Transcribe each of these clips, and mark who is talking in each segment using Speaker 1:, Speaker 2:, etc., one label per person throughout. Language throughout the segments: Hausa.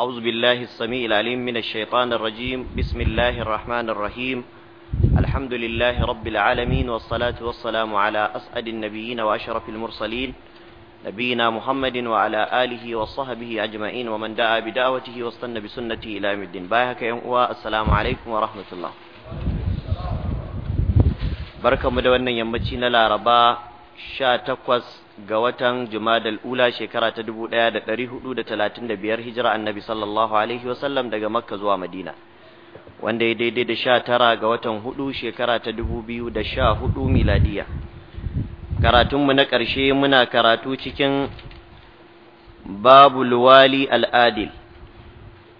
Speaker 1: أعوذ بالله السميع العليم من الشيطان الرجيم بسم الله الرحمن الرحيم الحمد لله رب العالمين والصلاة والسلام على أسعد النبيين وأشرف المرسلين نبينا محمد وعلى آله وصحبه أجمعين ومن دعا بدعوته واستنى بسنته إلى يوم الدين باهك السلام عليكم ورحمة الله بركة مدونة يمتين العرباء شاتكوز ga watan Jumadal Ula shekara ta 1435 hijira Annabi sallallahu alaihi wasallam daga Makka zuwa Madina wanda ya daidai da 19 ga watan 4 shekara ta 2014 miladiya karatunmu na ƙarshe muna karatu cikin babu luwali Adil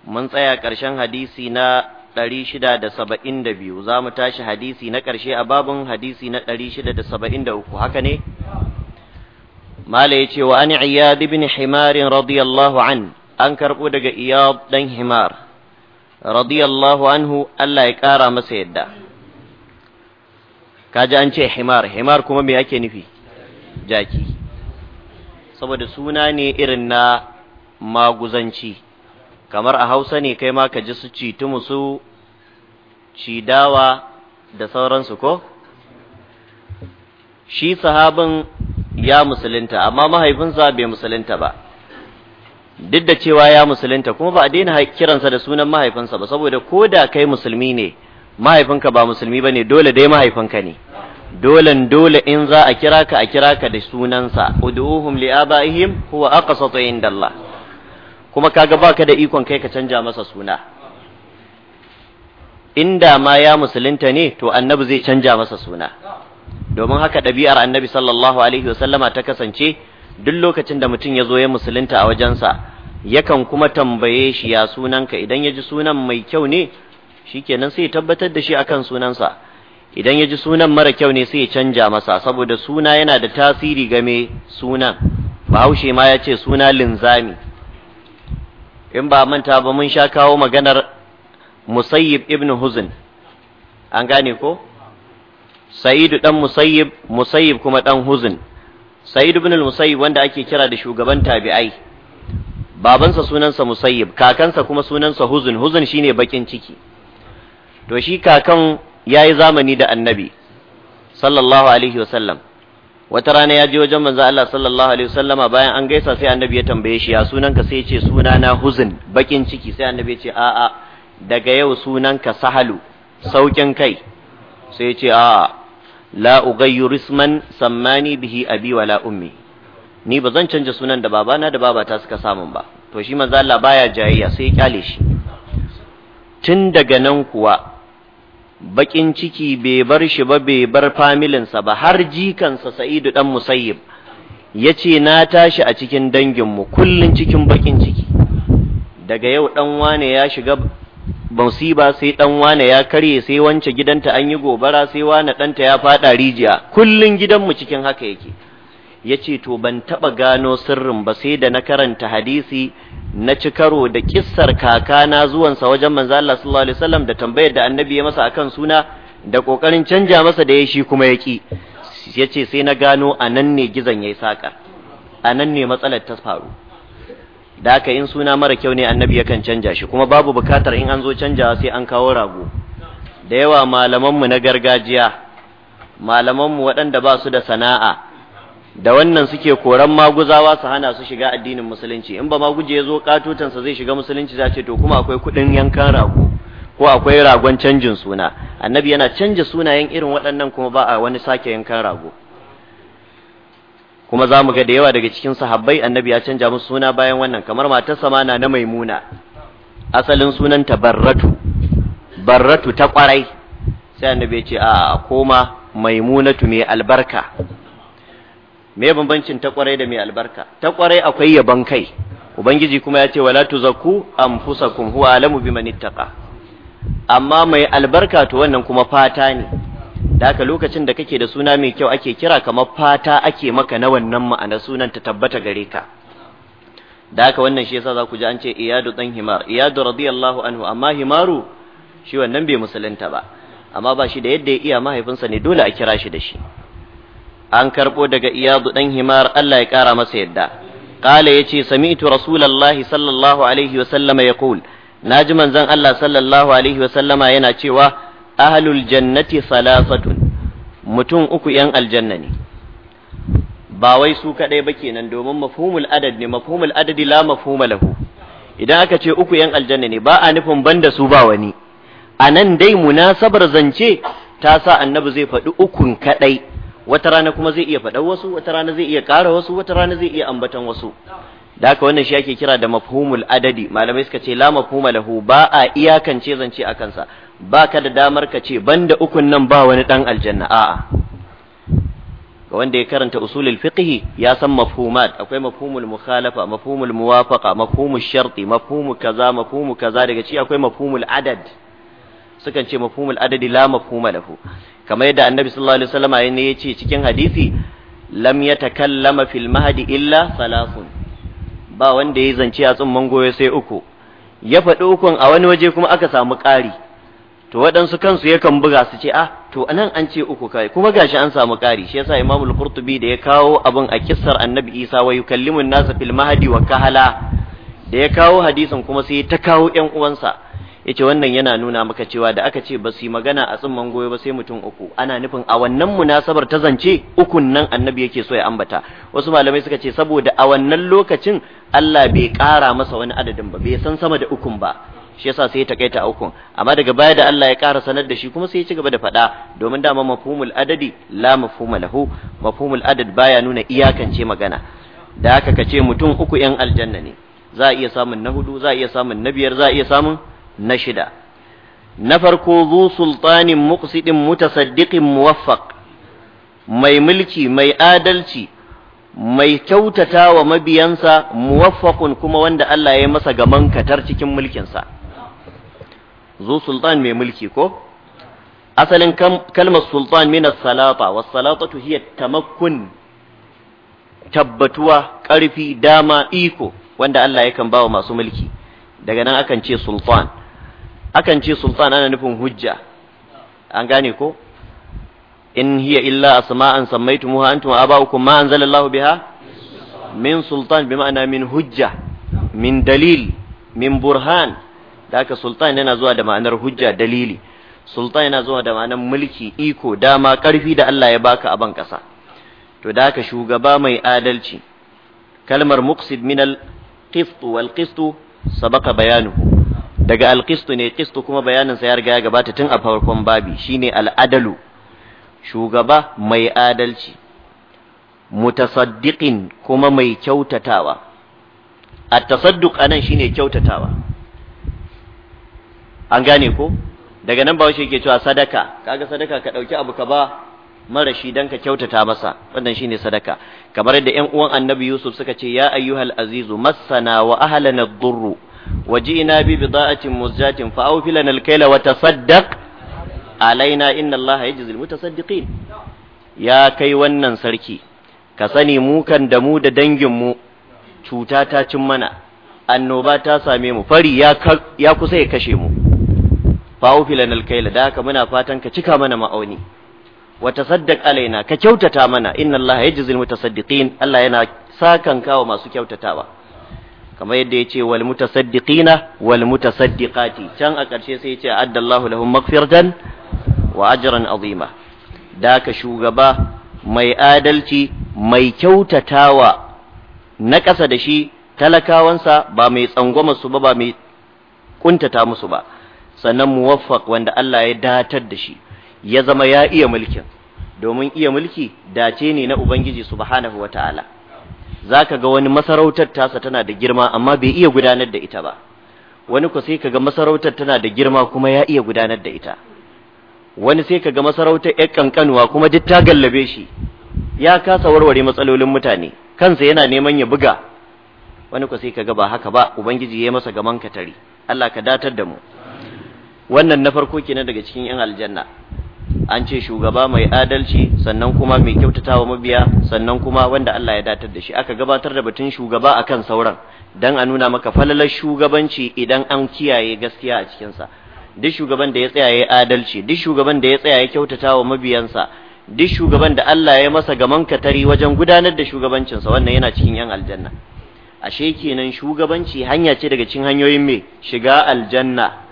Speaker 1: mun tsaya ƙarshen hadisi na 672 za mu tashi hadisi na ƙarshe a babun hadisi na 673 haka ne? mala ya ce wa an iyad ibn himarin radiyallahu an an karɓo daga iyad ɗan himar radiyallahu anhu Allah ya ƙara masa yadda kaji an ce himar himar kuma me ake nufi jaki saboda suna ne irin na maguzanci kamar a hausa ne kai ma ka ji su citumu su cidawa da sauransu ko shi sahabin ya musulunta amma mahaifinsa bai musulunta ba duk da cewa ya musulunta kuma ba a daina kiransa da sunan mahaifinsa ba saboda ko da kai musulmi ne mahaifinka ba musulmi ba ne dole dai mahaifinka ne dole dole in za a kira ka a kira ka da sunansa ud'uhum li abaihim huwa aqsatu indallah kuma kaga baka da ikon kai ka canja masa suna inda ma ya musulunta ne to annabi zai canja masa suna domin haka ɗabi'ar annabi sallallahu alaihi wasallama ta kasance duk lokacin da mutum ya zo ya musulunta a wajensa yakan kuma tambaye shi ya sunanka idan ya ji sunan mai kyau ne shi kenan sai ya tabbatar da shi akan sunansa idan ya ji sunan mara kyau ne sai ya canja masa saboda suna yana da tasiri game sunan bahaushe ma ya ce suna linzami in ba manta ba mun sha kawo maganar musayyib ibn huzn an gane ko Sa'idu ɗan Musayyib, Musayyib kuma ɗan Huzn. Sa'idu ibn musayyib wanda ake kira da shugaban tabi'ai. Babansa sunansa Musayyib, kakansa kuma sunansa Huzn. shi shine bakin ciki. To shi kakan ya yi zamani da Annabi sallallahu alaihi wasallam. Wata rana ya je wajen manzo Allah sallallahu alaihi wasallama bayan an gaisa sai Annabi ya tambaye shi ya sunanka sai ya ce sunana Huzn, bakin ciki sai Annabi ya ce a'a daga yau sunanka Sahalu, saukin kai. Sai ya ce a'a la ughayyiru sammani bihi a wala ummi ni ba zan canja sunan da babana da babata suka samun ba to shi manzo Allah baya jayayya sai ya kyale shi tun daga nan kuwa baƙin ciki bai bar shi ba bai bar familinsa ba har jikansa sa'idu dan musayyib ya ce na tashi a cikin danginmu kullum cikin baƙin ciki daga yau ɗanwane ya shiga ba sai dan wane ya karye sai wance gidanta an yi gobara sai wane ɗanta ya faɗa rijiya kullun gidanmu cikin haka yake ya ce to ban taɓa gano sirrin ba sai da na karanta hadisi na ci karo da kissar kakana zuwansa wajen manzo Allah sallallahu alaihi wasallam da tambayar da annabi ya masa akan suna da kokarin canja masa da ya shi kuma ya ki ya ce sai na gano a ne gizon ya saka anan ne matsalar ta faru da aka in suna mara kyau ne annabi yakan canja shi kuma babu bukatar in an zo canjawa sai an kawo rago da yawa malamanmu na gargajiya malamanmu waɗanda ba su da sana'a da wannan suke koran maguzawa su hana su shiga addinin musulunci in ba maguje ya zo katutansa zai shiga musulunci za ce to kuma akwai kuɗin yankan rago ko akwai ragon canjin suna annabi yana canja sunayen irin waɗannan kuma ba a wani sake yankan rago kuma za mu ga da yawa daga cikin sahabbai annabi ya canja musu suna bayan wannan kamar matar samana na maimuna asalin sunanta barratu barratu ta kwarai sai annabi ya ce a koma maimunatu mai albarka me bambancin ta kwarai da mai albarka ta kwarai akwai yabon kai ubangiji kuma ya ce wala tuzakku anfusakum huwa alamu bimanittaqa amma mai albarka to wannan kuma fata ne da haka lokacin da kake da suna mai kyau ake kira kamar fata ake maka na wannan ma'ana sunan ta tabbata gare ka da haka wannan shi yasa za ku ji an ce iyadu dan himar iyadu radiyallahu anhu amma himaru shi wannan bai musulunta ba amma ba shi da yadda ya iya mahaifinsa ne dole a kira shi da shi an karbo daga iyadu dan himar Allah ya kara masa yadda qala yace sami'tu rasulullahi sallallahu alaihi wa sallama yaqul naji manzon Allah sallallahu alaihi wa sallama yana cewa ahalul jannati salasatun mutum uku yan aljanna ne ba wai su kadai ba kenan domin mafhumul adad ne mafhumul adadi la mafhuma lahu idan aka ce uku yan aljanna ne ba a nufin banda su ba wani a nan dai munasabar zance ta sa annabi zai faɗi ukun kadai wata rana kuma zai iya faɗan wasu wata rana zai iya ƙara wasu wata rana zai iya ambatan wasu da haka wannan shi ake kira da mafhumul adadi malamai suka ce la mafhuma lahu ba a iyakance zance a kansa baka da damar ka ce banda ukun nan ba wani ɗan aljanna a'a ga wanda ya karanta usulul fiqh ya san mafhumat akwai mafhumul mukhalafa mafhumul muwafaqa mafhumul sharti mafhumu kaza mafhumu kaza daga ci akwai mafhumul adad sukan ce mafhumul adadi la mafhuma lahu kamar yadda annabi sallallahu alaihi wasallam ne ya ce cikin hadisi lam yatakallama fil mahdi illa salasun ba wanda ya zance a tsumman goyo sai uku ya faɗi ukun a wani waje kuma aka samu ƙari to waɗansu kansu yakan buga su ce ah to anan an ce uku kai kuma gashi an samu ƙari shi yasa Imam al-Qurtubi da ya kawo abin a kissar Annabi Isa wa yukallimun nasa fil mahdi wa kahala da ya kawo hadisin kuma sai ta kawo ƴan uwansa yace wannan yana nuna maka cewa da aka ce ba su yi magana a tsumman goyo ba sai mutum uku ana nufin a wannan munasabar ta zance ukun nan annabi yake so ya ambata wasu malamai suka ce saboda a wannan lokacin Allah bai ƙara masa wani adadin ba bai san sama da ukun ba shi yasa sai ya takaita uku amma daga baya da Allah ya ƙara sanar da shi kuma sai ya ci gaba da faɗa domin dama mafhumul adadi la mafhuma lahu mafhumul adad baya nuna iyakance magana da haka kace mutum uku yan aljanna ne za a iya samun na hudu za a iya samun na biyar za a iya samun na shida na farko zu sultanin muqsidin mutasaddiqin muwaffaq mai mulki mai adalci mai kyautata wa mabiyansa muwaffaqun kuma wanda Allah ya yi masa gaman katar cikin mulkinsa Zo sultan mai mulki ko asalin kalmar sultan mina salafa. salata was-salatatu hiya tamakkun tabbatuwa ƙarfi dama iko wanda Allah yakan bawa masu mulki daga nan akan ce sultan akan ce sultan ana nufin hujja an gane ko in hiya illa asma'an sammaytumuha antum aba'ukum ma anzalallahu biha min sultan bi ma'ana min hujja min dalil min burhan da haka sultan yana zuwa da ma'anar hujja dalili sultan yana zuwa da ma'anar mulki iko dama karfi da Allah ya baka a ban kasa to da shugaba mai adalci kalmar muqsid min al-qist wal qist sabaka bayanuhu daga al-qist ne qist kuma bayanin sa ya riga ya gabata tun a farkon babi shine al-adalu shugaba mai adalci mutasaddiqin kuma mai kyautatawa at-tasadduq anan shine kyautatawa an gane ko daga nan bawashi yake cewa sadaka kaga sadaka ka dauki abu ka ba mara shi dan ka kyautata masa wannan shine sadaka kamar yadda ƴan uwan annabi Yusuf suka ce ya ayyuhal azizu massana wa ahlana ad-durr wa ji'na bi bida'atin muzjatin fa awfi lana al-kayla wa tasaddaq alaina inna Allah yajzil mutasaddiqin ya kai wannan sarki ka sani mu kan da mu da dangin mu cuta ta cin mana annoba ta same mu fari ya kusa ya kashe mu fa'ufi lanal kaila da haka muna fatan ka cika mana ma'auni wa tasaddaq alaina ka kyautata mana inna allaha yajzil mutasaddiqin Allah yana sakan kawo masu kyautatawa kamar yadda ya ce wal mutasaddiqina wal mutasaddiqati can a ƙarshe sai ya ce addallahu lahum maghfiratan wa ajran azima da ka shugaba mai adalci mai kyautatawa na ƙasa da shi talakawansa ba mai tsangwama su ba ba mai kuntata musu ba sannan muwaffaq wanda Allah ya datar da shi ya zama ya iya mulkin domin iya mulki dace ne na ubangiji subhanahu wataala zaka ga wani masarautar tasa tana da girma amma bai iya gudanar da ita ba wani ku sai kaga masarautar tana da girma kuma ya iya gudanar da ita wani sai kaga masarautar yar kankanuwa kuma duk ta gallabe shi ya kasa warware matsalolin mutane kansa yana neman ya buga wani ku sai kaga ba haka ba ubangiji ya yi masa gaman katari Allah ka datar da mu wannan na farko kenan daga cikin yan aljanna an ce shugaba mai adalci sannan kuma mai kyautatawa mabiya sannan kuma wanda Allah ya datar da shi aka gabatar da batun shugaba akan sauran dan a nuna maka falalar shugabanci idan an kiyaye gaskiya a cikinsa sa duk shugaban da ya tsaya ya adalci duk shugaban da ya tsaya ya kyautatawa mabiyansa duk shugaban da Allah ya masa gaman katari wajen gudanar da shugabancinsa wannan yana cikin yan aljanna ashe kenan shugabanci hanya ce daga cikin hanyoyin mai shiga aljanna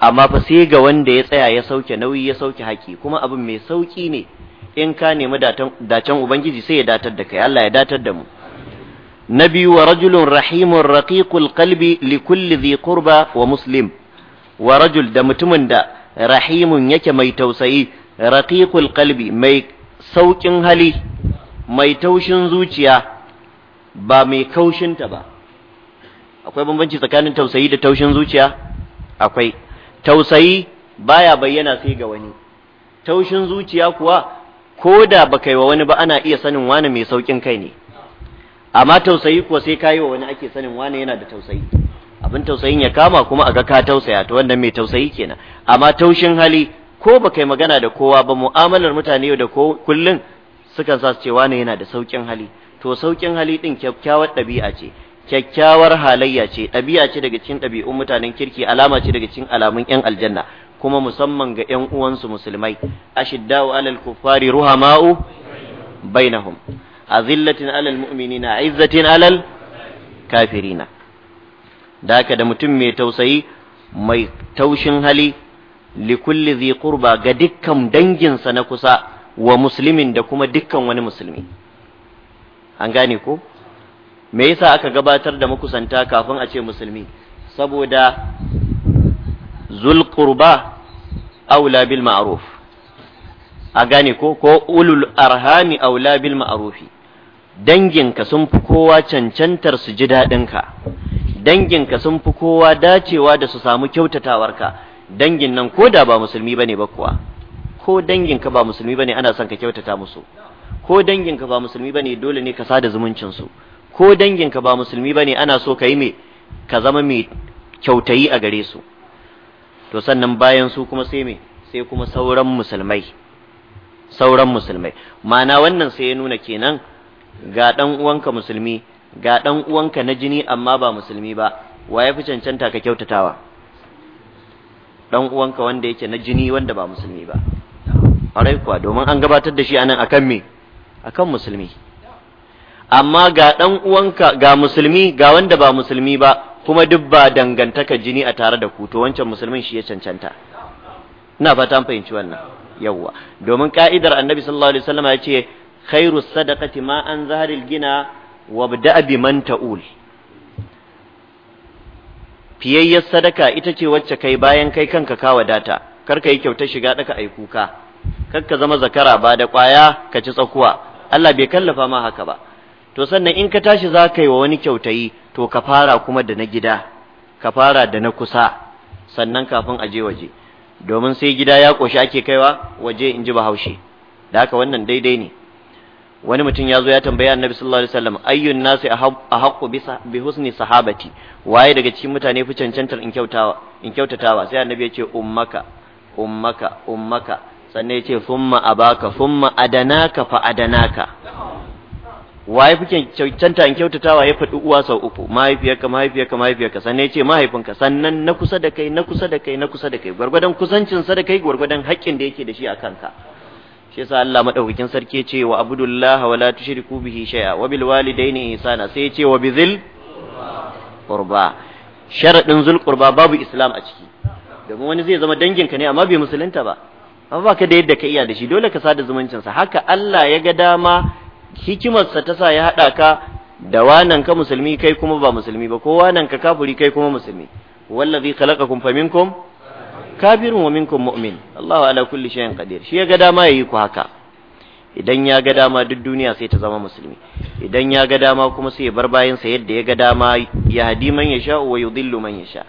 Speaker 1: amma fa sai ga wanda ya tsaya ya sauke nauyi ya sauke haƙi kuma abin mai sauki ne in ka nemi dacen ubangiji sai ya datar da kai Allah ya datar da mu na biyu wa rajulun rahimun raqiqul qalbi li kulli dhi qurba wa muslim wa rajul da mutumin da rahimun yake mai tausayi raqiqul qalbi mai saukin hali mai taushin zuciya ba mai kaushinta ba akwai bambanci tsakanin tausayi da taushin zuciya akwai tausayi baya bayyana sai ga wani taushin zuciya kuwa ko da ba kai wa wani ba ana iya sanin wani mai saukin kai ne amma tausayi kuwa sai kayi wa wani ake sanin wani yana da tausayi abin tausayin ya kama kuma a ga ka tausaya to wannan mai tausayi kenan amma taushin hali ko ba kai magana da kowa ba mu'amalar mutane yau da kullun sukan sa su ce wani yana da saukin hali to saukin hali din kyakkyawar ɗabi'a ce kyakkyawar halayya ce ɗabi'a ce daga cikin ɗabi'un mutanen kirki alama ce daga cikin alamun 'yan aljanna kuma musamman ga 'yan uwansu musulmai ashidda'u alal kuffari ruhama'u bainahum azillatin alal na izzatin alal kafirina da haka da mutum mai tausayi mai taushin hali likulli zai kurba ga dukkan danginsa na kusa wa musulmin da kuma dukkan wani musulmi an gane ko me yasa aka gabatar da makusanta kafin a ce musulmi saboda zulkurba aula bil ma'ruf a gane ko ko ulul arhami aula bil ma'rufi danginka sun fi kowa cancantar su ji daɗinka danginka sun fi kowa dacewa da su samu kyautatawarka dangin nan ko da ba musulmi bane ba kuwa ko danginka ba musulmi bane ana son ka kyautata musu ko danginka ba musulmi bane dole ne ka sada zumuncin su ko danginka ba musulmi bane ana so ka yi me ka zama mai kyautayi a gare su to sannan bayan su kuma sai me sai kuma sauran musulmai sauran musulmai ma'ana wannan sai ya nuna kenan ga dan uwanka musulmi ga dan uwanka na jini amma ba musulmi ba wa ya fi cancanta ka kyautatawa dan uwanka wanda yake na jini wanda ba musulmi ba ƙwarai domin an gabatar da shi anan akan me akan musulmi amma ga ɗan uwanka ga musulmi ga wanda ba musulmi ba kuma duk ba dangantaka jini a tare da ku to wancan musulmin shi ya cancanta ina fata an fahimci wannan yawwa domin ka'idar annabi sallallahu alaihi wasallam ya ce khairu sadaqati ma an zaharil gina wabda bi man ta'ul fiyayyar sadaka ita ce wacce kai bayan kai kanka ka wadata kar ka yi kyautar shiga daka ai kuka kar ka zama zakara ba da kwaya ka ci tsakuwa Allah bai kallafa ma haka ba to sannan in ka tashi za ka yi wa wani kyautayi to ka fara kuma da na gida ka fara da na kusa sannan kafin a je waje domin sai gida ya ƙoshi ake kaiwa waje in ji bahaushe da haka wannan daidai ne wani mutum ya zo ya tambaya annabi sallallahu alaihi wasallam ayyun a ahaqqu bi husni sahabati waye daga cikin mutane fi cancantar in kyautawa in kyautatawa sai annabi ya ce ummaka ummaka ummaka sannan ya ce thumma abaka thumma adanaka fa adanaka waye kuke cancanta in kyautatawa ya faɗi uwa sau uku mahaifiyarka mahaifiyarka mahaifiyarka sannan ya ce mahaifinka sannan na kusa da kai na kusa da kai na kusa da kai gwargwadon kusancin sa da kai gwargwadon haƙƙin da yake da shi a kanka shi yasa Allah madaukakin sarki ya ce wa abudullaha wala tushriku bihi shay'a wa bil walidaini ihsana sai ya ce wa bizil qurba sharadin zul qurba babu islam a ciki domin wani zai zama danginka ne amma bai musulunta ba amma baka da yadda ka iya da shi dole ka sada zumuncin sa haka Allah ya ga dama hikimarsa ta sa ya haɗa ka da wanan ka musulmi kai kuma ba musulmi ba ko wanan ka kafiri kai kuma musulmi wallazi khalaqakum faminkum kafirun wa minkum mu'min Allahu ala kulli shay'in qadir shi ya ga dama yayi ku haka idan ya ga dama duk duniya sai ta zama musulmi idan ya ga dama kuma sai ya bar bayan sa yadda ya ga dama ya hadi man ya sha wa yudillu man ya sha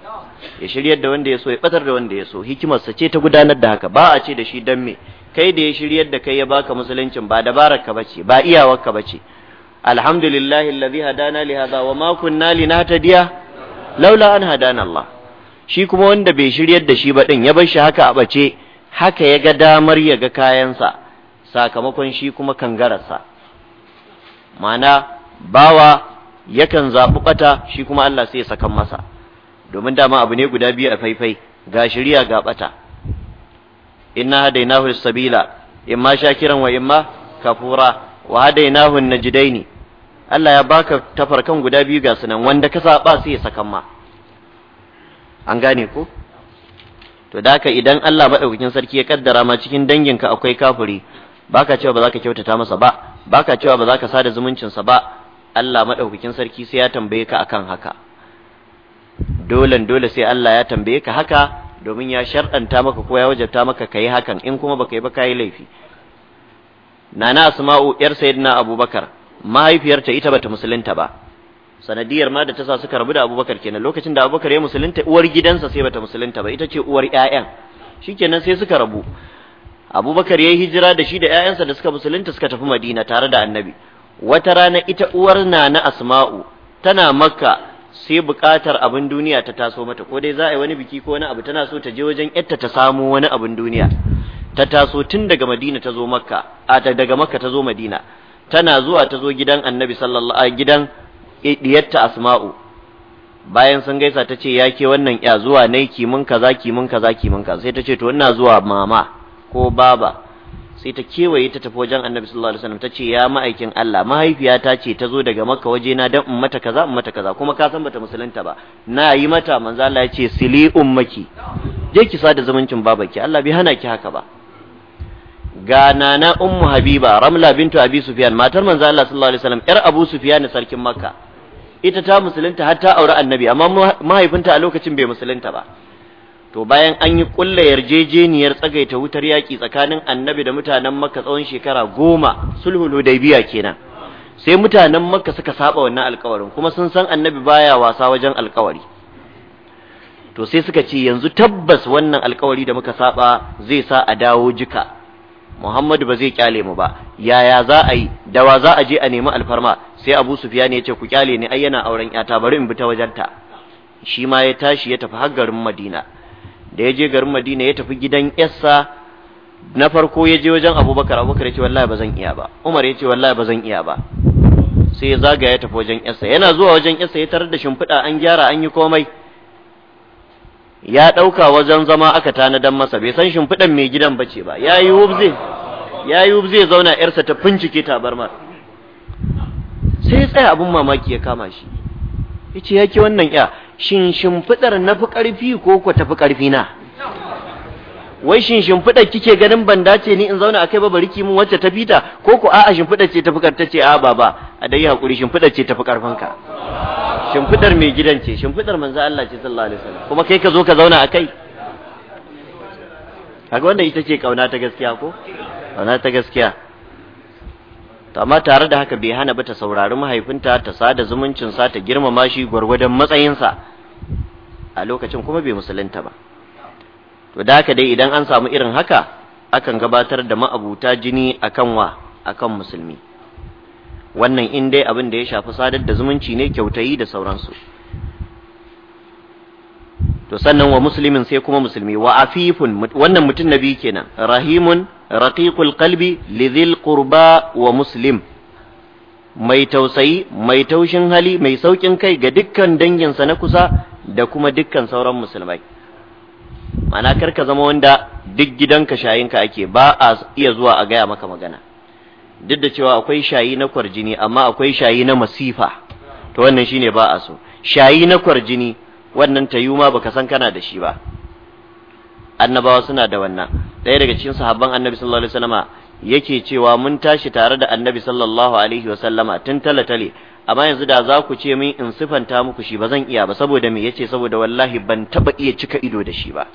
Speaker 1: ya shiryar da wanda ya so ya batar da wanda ya so hikimarsa ce ta gudanar da haka ba a ce da shi dan me kai da ya shiryar da kai ya baka musuluncin ba dabararka bace ba iyawarka bace alhamdulillah allazi hadana li hadha wa ma kunna linahtadiya laula an hadana Allah shi kuma wanda bai shiryar da shi ba din ya bar shi haka a bace haka ya ga damar ya ga kayansa sakamakon shi kuma kangararsa mana bawa yakan zafi ɓata shi kuma Allah sai ya sakan masa domin dama abu ne guda biyu a faifai ga shirya ga bata inna hadainahu sabila imma shakiran wa imma kafura wa hadainahu najdaini Allah ya baka tafarkan guda biyu ga sunan wanda ka saba sai ya sakan ma an gane ko to da idan Allah madaukakin sarki ya kaddara ma cikin danginka akwai kafuri baka cewa ba za ka kyautata masa ba baka cewa ba za ka sada zumuncinsa ba Allah madaukakin sarki sai ya tambaye ka akan haka dolan dole sai Allah ya tambaye ka haka domin ya sharɗanta maka ko ya wajabta maka kai hakan in kuma baka yi ba kai laifi nana asma'u yar sayyidina abubakar mahaifiyarta ita bata musulunta ba sanadiyar ma da ta sa suka rabu da abubakar kenan lokacin da abubakar ya musulunta uwar gidansa sai bata musulunta ba ita ce uwar 'ya'yan. shikenan sai suka rabu abubakar ya yi hijira da shi da 'ya'yansa da suka musulunta suka tafi madina tare da annabi wata rana ita uwar nana asma'u tana makka sai buƙatar abin duniya ta taso mata ko dai za a yi wani biki ko wani abu tana so ta je wajen yatta ta samo wani abin duniya ta taso tun daga Madina ta zo Makka a ta daga Makka ta zo Madina tana zuwa ta zo gidan Annabi sallallahu alaihi gidan diyatta Asma'u bayan sun gaisa ta ce ya ke wannan ya zuwa nai kimin kaza kimin kaza kimin kaza sai ta ce to ina zuwa mama ko baba sai ta kewaye ta tafi wajen annabi sallallahu alaihi wasallam ta ya ma'aikin Allah mahaifiyata ce ta zo daga makka waje na dan in mata kaza in mata kaza kuma ka san bata musulunta ba na yi mata manzo Allah ya ce sili ummaki je ki sada zumuncin babaki Allah bai hana ki haka ba ga nana ummu habiba ramla bintu abi sufyan matar manzo Allah sallallahu alaihi wasallam yar abu sufyan sarkin makka ita ta musulunta har ta aure annabi amma mahaifinta a lokacin bai musulunta ba to bayan an yi ƙulla yarjejeniyar tsagaita wutar yaƙi tsakanin annabi da mutanen makka tsawon shekara goma sulhul hudaybiya kenan sai mutanen makka suka saba wannan alkawarin kuma sun san annabi baya wasa wajen alkawari to sai suka ce yanzu tabbas wannan alkawari da muka saba zai sa a dawo jika Muhammadu ba zai kyale mu ba yaya za a yi dawa za a je a nemi alfarma sai Abu Sufyan ya ce ku kyale ne? ai yana auren yata bari in bi ta wajenta shi ma ya tashi ya tafi har garin Madina da ya je garin madina ya tafi gidan yassa na farko ya je wajen abubakar abubakar ya ce wallahi ba zan iya ba umar ya ce wallahi ba zan iya ba sai ya zaga ya tafi wajen yassa yana zuwa wajen yassa ya tarar da shimfiɗa an gyara an yi komai ya ɗauka wajen zama aka tanadan masa bai san shimfiɗan mai gidan bace ba ya yi wubze ya yi wubze zauna yarsa ta fincike tabarmar sai ya tsaya abin mamaki ya kama shi ya ce ya wannan ya shin shimfiɗar na fi ƙarfi ko ku tafi ƙarfi na wai shin shimfiɗar kike ganin ban dace ni in zauna a kai ba bari ki mun wacce ta fita ko ku a'a shimfiɗar ce tafi ƙarfi ce a baba a dai hakuri shimfiɗar ce tafi ƙarfin ka shimfiɗar mai gidan ce shimfiɗar manzo Allah ce sallallahu alaihi wasallam kuma kai ka zo ka zauna a kai kaga wanda ita ce kauna ta gaskiya ko kauna ta gaskiya to amma tare da haka bai hana ba ta saurari mahaifinta ta sada zumuncinsa ta girmama shi gwargwadon matsayinsa a lokacin kuma bai musulunta ba to da haka dai idan an samu irin haka akan gabatar da ma'abuta jini akan wa akan musulmi wannan in dai abin da ya shafi sadar da zumunci ne kyautayi da sauransu to sannan wa musulmin sai kuma musulmi wa afifun wannan mutum nabi kenan rahimun رقيق القلب لذي القرباء wa musulim mai tausayi mai taushin hali mai saukin kai ga dukkan danginsa na kusa da kuma dukkan sauran musulmai Mana kar ka zama wanda duk gidanka shayinka ake ba a iya zuwa a gaya maka magana duk da cewa akwai shayi na kwarjini amma akwai shayi na masifa to wannan shine ba a so shayi na kwarjini wannan tayuma baka san kana da shi ba annabawa suna da wannan ɗaya daga cikin sahabban annabi sallallahu alaihi wasallama yake cewa mun tashi tare da annabi sallallahu alaihi wasallama tun tale-tale. amma yanzu da za ku ce min in sifanta muku shi ba zan iya ba saboda me yace saboda wallahi ban taba iya cika ido da shi ba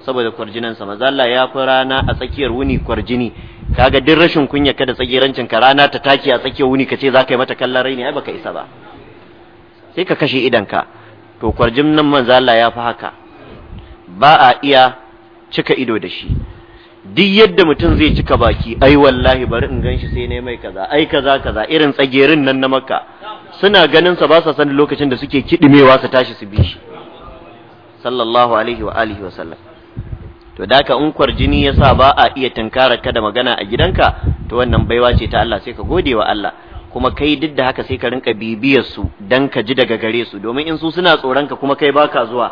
Speaker 1: saboda kwarjinan sa maza Allah ya fi rana a tsakiyar wuni kwarjini kaga duk rashin kunya kada tsagirancin ka rana ta take a tsakiyar wuni kace za ka yi mata kallon rai ne ai baka isa ba sai ka kashe idan ka to kwarjin nan manzo Allah ya fi haka ba a iya cika ido da shi duk yadda mutum zai cika baki ai wallahi bari in ganshi sai ne mai kaza ai kaza kaza irin tsagerin nan na maka. suna ganin sa ba sa san lokacin da suke kidimewa su tashi su bi shi sallallahu alaihi wa alihi wa sallam to da ka in kwarjini sa ba a iya tunkara ka da magana a gidanka to wannan baiwa ce ta Allah sai ka gode wa Allah kuma kai duk da haka sai ka rinka bibiyar su dan ka ji daga gare su domin in su suna tsoron ka kuma kai baka zuwa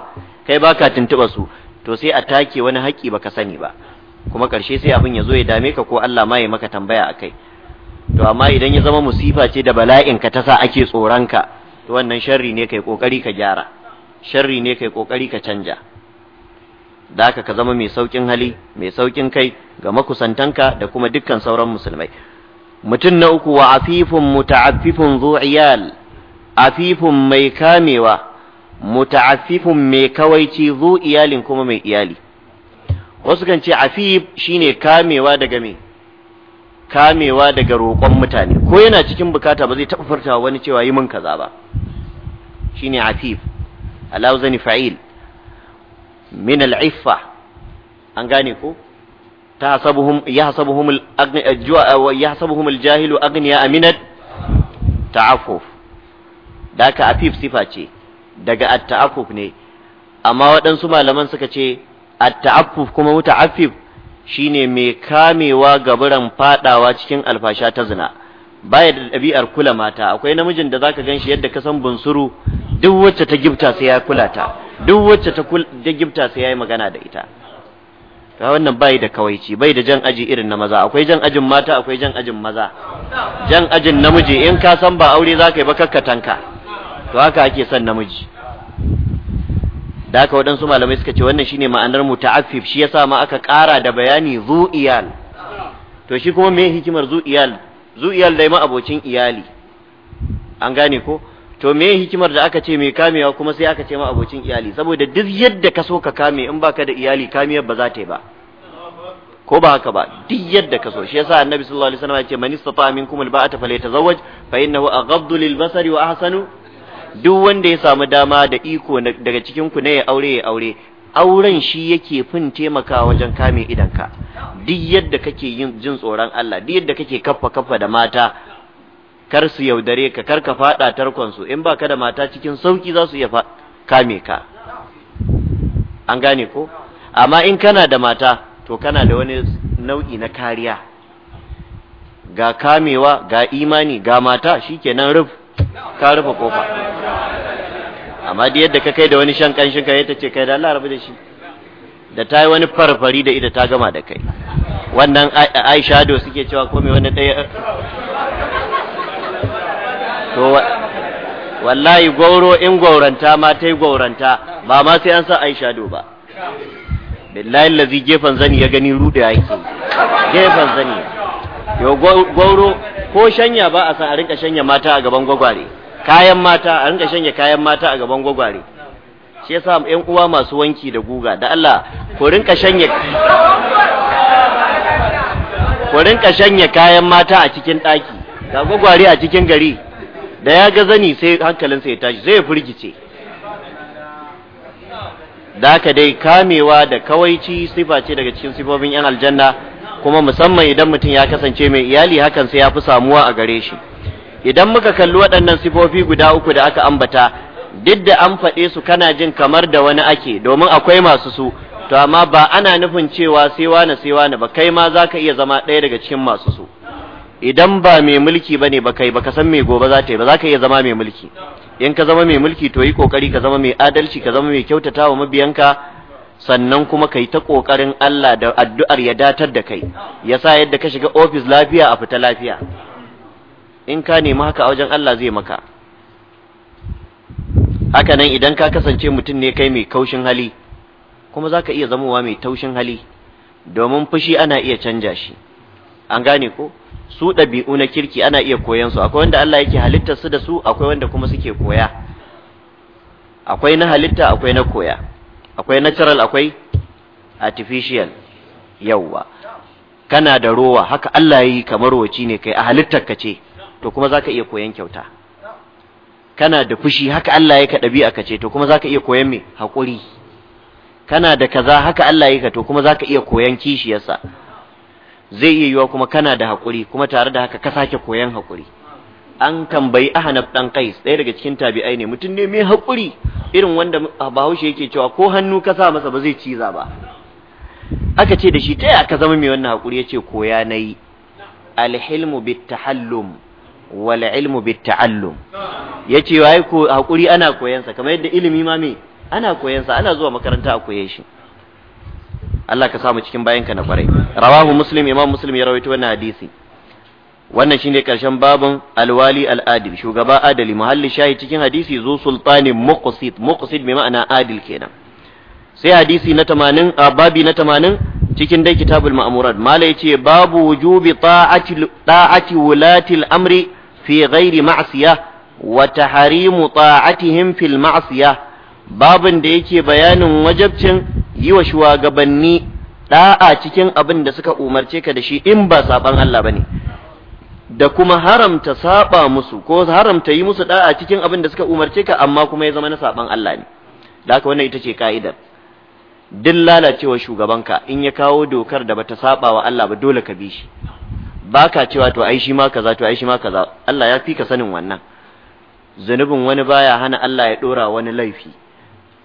Speaker 1: kai baka tuntuba su to sai a take wani haƙƙi baka sani ba kuma ƙarshe sai abin ya zo ya dame ka ko Allah ma ya maka tambaya a kai. to amma idan ya zama musifa ce da bala'in ka ta sa ake tsoron ka to wannan sharri ne kai kokari ka gyara sharri ne kai kokari ka canja da haka ka zama mai saukin hali mai saukin kai ga makusantanka da kuma dukkan sauran musulmai mutum na uku wa afifun muta'affifun zu'iyal afifun mai kamewa muta'affifun mai kawaici zu iyalin kuma mai iyali wasu kan ce afif shine kamewa daga me kamewa daga roƙon mutane ko yana cikin bukata ba zai taɓa furtawa wani cewa yi min kaza ba shine afif alawzani fa'il min al'iffa an gane ko ya hasabuhum aljahilu يحسبهم الجاهل أغنياء Da التعفف afif sifa ce. daga at-ta'affuf ne amma waɗansu malaman suka ce at-ta'affuf kuma muta'affif shine mai kamewa gaburan fadawa cikin alfasha ta zina baya da ɗabi'ar kula mata akwai namijin da zaka ganshi yadda ka san bunsuru duk wacce ta gifta sai ya kula ta duk wacce ta gifta sai ya yi magana da ita ga wannan bai da kawaici bai da jan aji irin na maza akwai jan ajin mata akwai jan ajin maza jan ajin namiji in ka san ba aure za ka yi ba kakkatanka to haka ake son namiji da haka waɗansu malamai suka ce wannan shine ma'anar muta'affif shi yasa ma aka ƙara da bayani zu iyal to shi kuma me hikimar zu iyal zu iyal dai ma abocin iyali an gane ko to me hikimar da aka ce mai kamewa kuma sai aka ce ma abocin iyali saboda duk yadda ka so ka kame in baka da iyali kamiyar ba za ta yi ba ko ba haka ba duk yadda ka so shi yasa annabi sallallahu alaihi wasallam ya ce man istata minkum alba'ata falyatazawwaj fa innahu aghaddu basari wa ahsanu duk wanda ya samu dama da iko daga cikin ku ya aure ya aure auren shi yake fin taimaka wajen kame idanka duk yadda kake yin jin tsoron Allah duk yadda kake kaffa kaffa da mata kar su yaudare ka kar ka fada tarkon su in baka da mata cikin sauki za su iya kame ka an gane ko amma in kana da mata to kana da wani nau'i na kariya ga kamewa ga imani ga mata shikenan rub ka rufe kofa amma da yadda ka kai da wani shan kanshin ka yadda ce kai da Allah rabu da shi da ta yi wani farfari da ita ta gama da kai wannan aisha da suke cewa komai wani ɗaya to wallahi gauro in gauranta ma ta yi gauranta ba ma sai an sa aisha do ba billahi lazi gefen zani ya gani rude yake gefen zani yo gauro ko shanya ba a san a rinka shanya mata a gaban gwagware kayan mata a rinka shanya kayan mata a gaban gwagware shi yasa ƴan uwa masu wanki da guga da Allah ko rinka shanya ko rinka shanya kayan mata a cikin ɗaki ga gwagware a cikin gari da ya ga zani sai sai ya tashi zai firgice da dai kamewa da kawaici sifa ce daga cikin sifofin 'yan aljanna kuma musamman idan mutum ya kasance mai iyali hakan sai ya fi samuwa a gare shi idan muka kalli waɗannan sifofi guda uku da aka ambata duk da an faɗe su kana jin kamar da wani ake domin akwai masu su to amma ba ana nufin cewa sai wani sai wani ba kai ma za ka iya zama ɗaya daga cikin masu su idan ba mai mulki ba ne ba kai ba ka san mai gobe za ta yi ba za ka iya zama mai mulki in ka zama mai mulki to yi kokari ka zama mai adalci ka zama mai kyautata wa mabiyanka sannan kuma kai ta kokarin Allah da addu'ar ya datar da kai ya sa yadda ka shiga ofis lafiya a fita lafiya in ka nemi haka a wajen Allah zai maka haka nan idan ka kasance mutum ne kai mai kaushin hali kuma zaka iya zamowa mai taushin hali domin fushi ana iya canja shi an gane ko su ɗabi'u na kirki ana iya koyan su akwai wanda Allah yake halittar su da su akwai wanda kuma suke koya akwai na halitta akwai na koya akwai natural akwai artificial yawa kana da rowa haka Allah yi kamar waci ne kai a halittar ka ce to kuma zaka iya koyan kyauta kana da fushi haka Allah yi ka ɗabi'a ka ce to kuma zaka iya koyan me haƙuri kana da kaza haka Allah yi ka to kuma zaka iya koyan kishiyarsa zai iya yiwa kuma kana da hakuri kuma tare da haka ka sake koyan hakuri an tambayi ahanab ɗan kai ɗaya daga cikin tabi'ai ne mutum ne mai haƙuri irin wanda bahaushe yake cewa ko hannu ka sa masa ba zai ciza ba aka ce da shi ta yaya ka zama mai wannan haƙuri yace koya nayi alhilmu bitahallum wal ilmu bitta'allum yace wai ko haƙuri ana koyan sa kamar yadda ilimi ma me ana koyan sa ana zuwa makaranta a koya shi Allah ka samu cikin bayanka na kwarai rawahu muslim imam muslim ya rawaito wannan hadisi wannan shine karshen babun alwali al'adil shugaba adali muhalli shahi cikin hadisi zu sultani muqsit muqsit bi ma'ana adil kenan sai hadisi na 80 babi na 80 cikin dai kitabul ma'murat mala yace babu wujubi ta'ati ta'ati wulatil amri fi ghairi ma'siyah wa taharimu ta'atihim fil ma'siyah babin da yake bayanin wajabcin yi wa shugabanni da'a cikin abin da suka umarce ka da shi in ba saban Allah bane da kuma haramta saba musu ko haramta yi musu da'a cikin abin da suka umarce ka amma kuma ya zama na saban Allah ne da haka wannan ita ce ka'idar duk lalacewa shugabanka in ya kawo dokar da bata saba wa Allah ba dole ka bi shi baka cewa to ai shi ma kaza to ai shi ma kaza Allah ya fi sanin wannan zunubin wani baya hana Allah ya dora wani laifi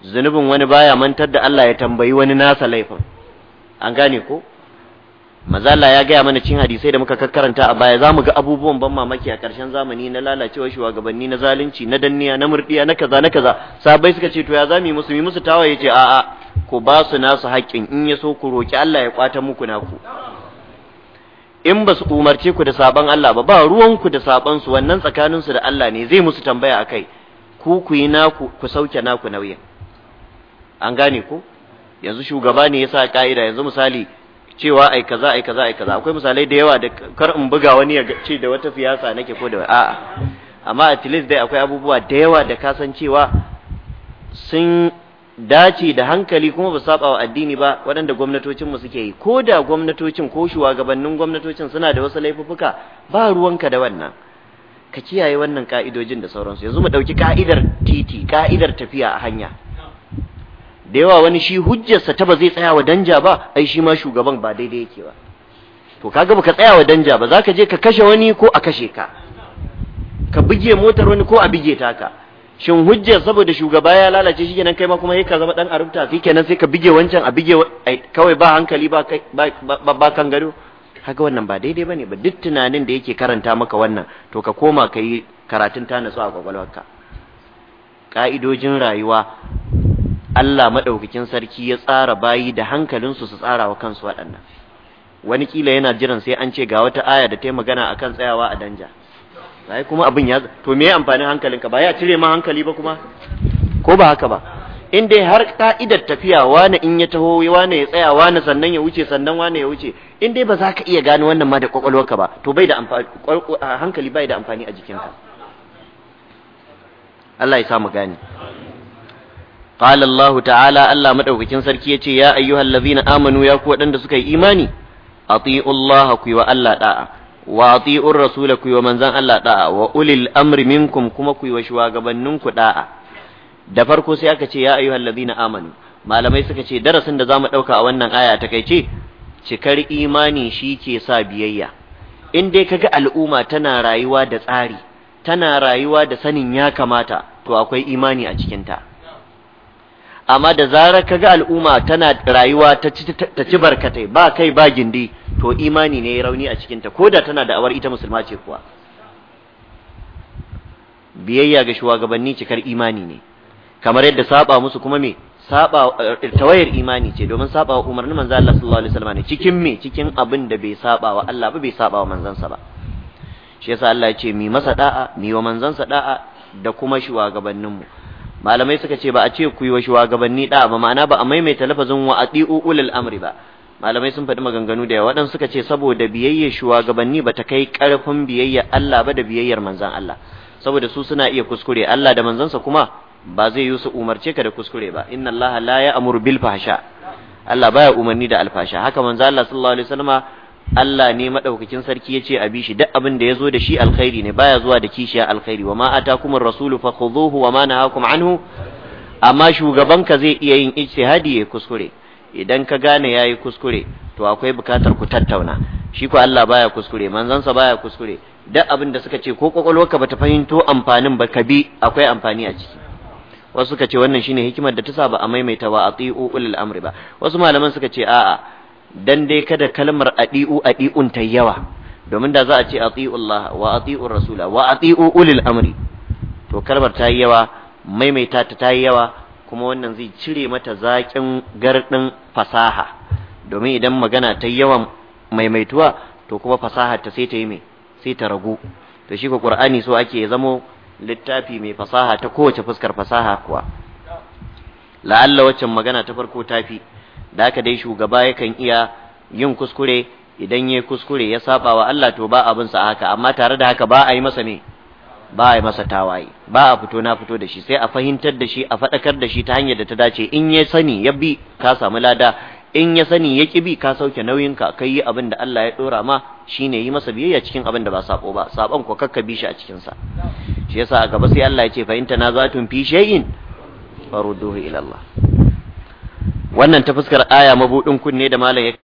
Speaker 1: zunubin wani baya mantar da Allah ya tambayi wani nasa laifin an gane ko mazala ya gaya mana cin hadisai da muka kakkaranta a baya Za mu ga abubuwan ban mamaki a ƙarshen zamani na lalacewar shugabanni na zalunci na danniya na murdiya na kaza na kaza sabai suka ce to ya zami musu musu tawa yace a ku ba su nasu haƙƙin in ya so ku roki Allah ya kwata muku naku in ba su umarce ku da saban Allah ba ba ruwan ku da saban su wannan tsakanin su da Allah ne zai musu tambaya akai ku ku yi naku ku sauke naku nauyin an gane ko yanzu shugaba ne ya sa ka'ida yanzu misali cewa ai kaza ai kaza ai kaza akwai misalai da yawa da kar in buga wani ya ce da wata siyasa nake ko da a'a amma at least dai akwai abubuwa da yawa da ka san cewa sun dace da hankali kuma ba saba wa addini ba waɗanda gwamnatocinmu suke yi ko da gwamnatocin ko shugabannin gwamnatocin suna da wasu laifuffuka ba ruwanka da wannan ka kiyaye wannan ka'idojin da sauransu yanzu mu ɗauki ka'idar titi ka'idar tafiya a hanya da yawa wani shi hujjarsa ta ba zai tsaya wa danja ba ai shi ma shugaban ba daidai yake ba to kaga baka tsaya wa danja ba zaka je ka kashe wani ko a kashe ka ka bige motar wani ko a bige taka shin hujjar saboda shugaba ya lalace shi kenan kai ma kuma sai ka zama dan arubta shi kenan sai ka bige wancan a bige kawai ba hankali ba ba ba kan gado kaga wannan ba daidai bane ba duk tunanin da yake karanta maka wannan to ka koma ka yi karatun ta natsu a kwakwalwarka ka'idojin rayuwa Allah madaukakin sarki ya tsara bayi da hankalinsu su tsara wa kansu waɗannan wani kila yana jiran sai an ce ga wata aya da ta magana akan tsayawa a danja sai kuma abin ya to me amfanin hankalinka ba ya cire ma hankali ba kuma ko ba haka ba in dai har ka'idar tafiya wani in ya taho wani ya tsaya wani sannan ya wuce sannan wani ya wuce in dai ba za ka iya gano wannan ma da kwakwalwarka ba to bai da amfani hankali bai da amfani a jikinka Allah ya sa mu gani. qala ta'ala Allah madaukakin sarki yace ya ayyuhallazina amanu ya ku wadanda suka yi imani ati'u Allah ku wa Allah da'a wa ati'ur rasul ku wa manzan Allah da'a wa ulil amri minkum kuma ku wa shugabannin ku da farko sai aka ce ya ayyuhallazina amanu malamai suka ce darasin da zamu dauka a wannan aya ta kai cikar imani shi ke sa biyayya in dai kaga al'umma tana rayuwa da tsari tana rayuwa da sanin ya kamata to akwai imani a cikinta amma da zara ka ga al'umma tana rayuwa ta ci barkatai ba kai ba gindi to imani ne ya rauni a cikinta ko da tana da awar ita musulma ce kuwa biyayya ga shugabanni cikar imani ne kamar yadda saba musu kuma me saba eh, tawayar imani ce domin saba wa umarnin manzo Allah sallallahu alaihi wasallam ne cikin me cikin abin da bai saba wa Allah ba bai saba wa manzansa ba shi yasa Allah ya ce mi masa da'a mi wa manzansa da'a da kuma shugabanninmu mu malamai suka ce ba a ce ku yi wa shugabanni da ba ma'ana ba a maimaita lafazin wa adi'u ulul amri ba malamai sun faɗi maganganu da yawa waɗansu suka ce saboda biyayya shugabanni ba ta kai ƙarfin biyayya Allah ba da biyayyar manzan Allah saboda su suna iya kuskure Allah da manzansa kuma ba zai yi su umarce ka da kuskure ba inna Allah la ya'muru bil fahsha Allah baya umarni da alfasha haka manzo Allah sallallahu alaihi wasallama Allah ne madaukakin sarki yace a bi shi duk abin da zo da shi alkhairi ne baya zuwa da kishiya alkhairi wa ma atakum ar-rasulu fa fakhuduhu wa ma nahakum anhu amma shugabanka zai iya yin ijtihadi ya kuskure idan ka gane yayi kuskure to akwai bukatar ku tattauna shi ko Allah baya kuskure manzansa baya kuskure duk abin da suka ce ko kwakwalwarka bata fahimto amfanin ba ka akwai amfani a ciki wasu suka ce wannan shine hikimar da ta saba a maimaita wa ati'u ulul amri ba wasu malaman suka ce a'a dan dai kada kalmar adi'u adi'un ta yawa domin da za a ce Allah wa ati'u rasula wa ati'u ulil amri to kalmar ta yi yawa maimaita ta ta yawa kuma wannan zai cire mata zaƙin gardin fasaha domin idan magana ta yi yawan maimaituwa to kuma fasaha ta sai ta yi mai sai ta ragu to shi ko qur'ani so ake zamo littafi mai fasaha ta kowace fuskar fasaha kuwa la'alla wacce magana ta farko tafi da haka dai shugaba yakan iya yin kuskure idan ya kuskure ya saba wa Allah to ba abin sa haka amma tare da haka ba a yi masa ne, ba a yi masa tawaye ba a fito na fito da shi sai a fahimtar da shi a faɗakar da shi ta hanyar da ta dace in ya sani ya bi ka samu lada in ya sani ya ki bi ka sauke nauyinka ka yi abin da Allah ya dora ma shine yi masa biyayya cikin abin da ba sabo ba sabon ko kakka bi shi a cikin sa shi yasa a gaba sai Allah ya ce fa in tanazatun fi shay'in farudduhu ila Allah wannan ta fuskar aya mabudin kunne da malam ya